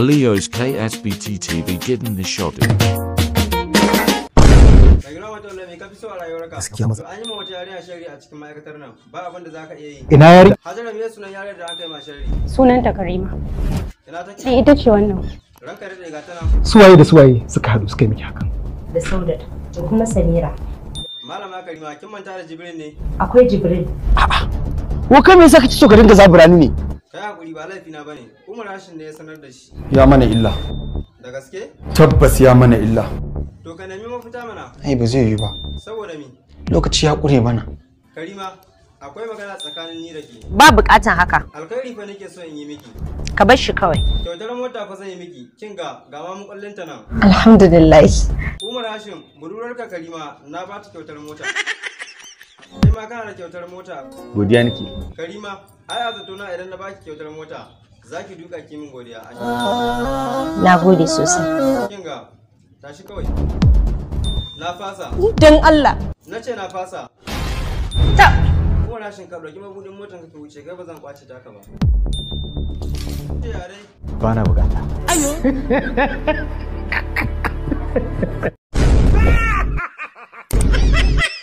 Aliyo's KSBTTV gidan nishadi. gaskiya masa an yi ma wata yarinya shari a cikin ma'aikatar nan ba abin da zaka iya yi ina hajara me sunan da aka yi ma shari sunanta karima ina take sai ita ce wannan ranka da daga tana suwaye da suwaye suka hadu suka yi miki hakan da saudat da kuma samira malama karima kin manta da jibril ne akwai jibril a'a wa kai me yasa kace so ka dinga zaburani ne Kai hakuri ba laifina na bane. Kuma rashin ne ya sanar da shi. Ya mana illa. Da gaske? Tabbas ya mana illa. To ka nemi mafita mana. Ai ba zai yi ba. Saboda me? Lokaci ya kure mana. Karima, akwai magana tsakanin ni da ke. Ba bukatan haka. Alkhairi fa nake so in yi miki. Ka bar shi kawai. Kyautar mota fa zan yi miki. Kin ga ga ma mukullin ta nan. Alhamdulillah. Umar rashin, budurarka Karima na ba ta kyautar mota. ma kana da kyautar mota. Godiya nake. Karima, ai a zato na idan na baki kyautar mota, za ki duka ki min godiya. Na gode sosai. Kin ga, tashi kawai. Na fasa. Don Allah. Na ce na fasa. Ta. Kuma na shin ka ɗauki mabudin motar ka ke wuce, kai ba zan kwace ta ba. Ba na bukata. Ayo. Ha ha ha!